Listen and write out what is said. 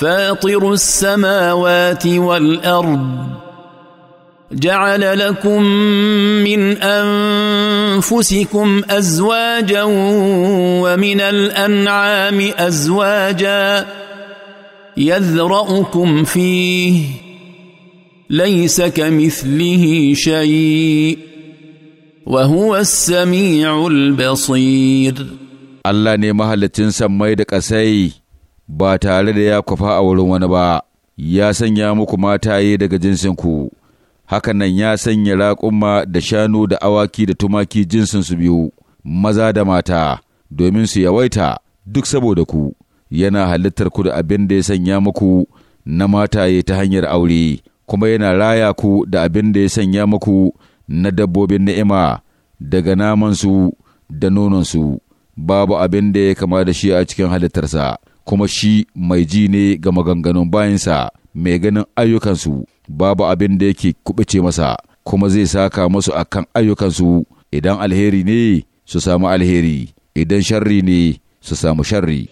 فاطر السماوات والارض جعل لكم من انفسكم ازواجا ومن الانعام ازواجا يذرأكم فيه ليس كمثله شيء وهو السميع البصير الله ne mahalicin sammai da ba tare da ya kwafa a wurin wani ba, ya sanya muku mataye daga jinsinku, hakan nan ya sanya raƙuma da shanu da awaki da tumaki jinsinsu biyu, maza da mata, domin su yawaita duk saboda ku, yana halittar ku da abin da ya sanya muku na mataye ta hanyar aure, kuma yana raya ku da abin da ya sanya muku na dabbobin ni'ima daga namansu da nononsu, babu abin da ya kama da shi a cikin halittarsa. kuma shi mai ji ne ga maganganun bayansa mai ganin ayyukansu babu abin da yake kubice masa kuma zai saka masu kan ayyukansu idan alheri ne su samu alheri idan sharri ne su samu sharri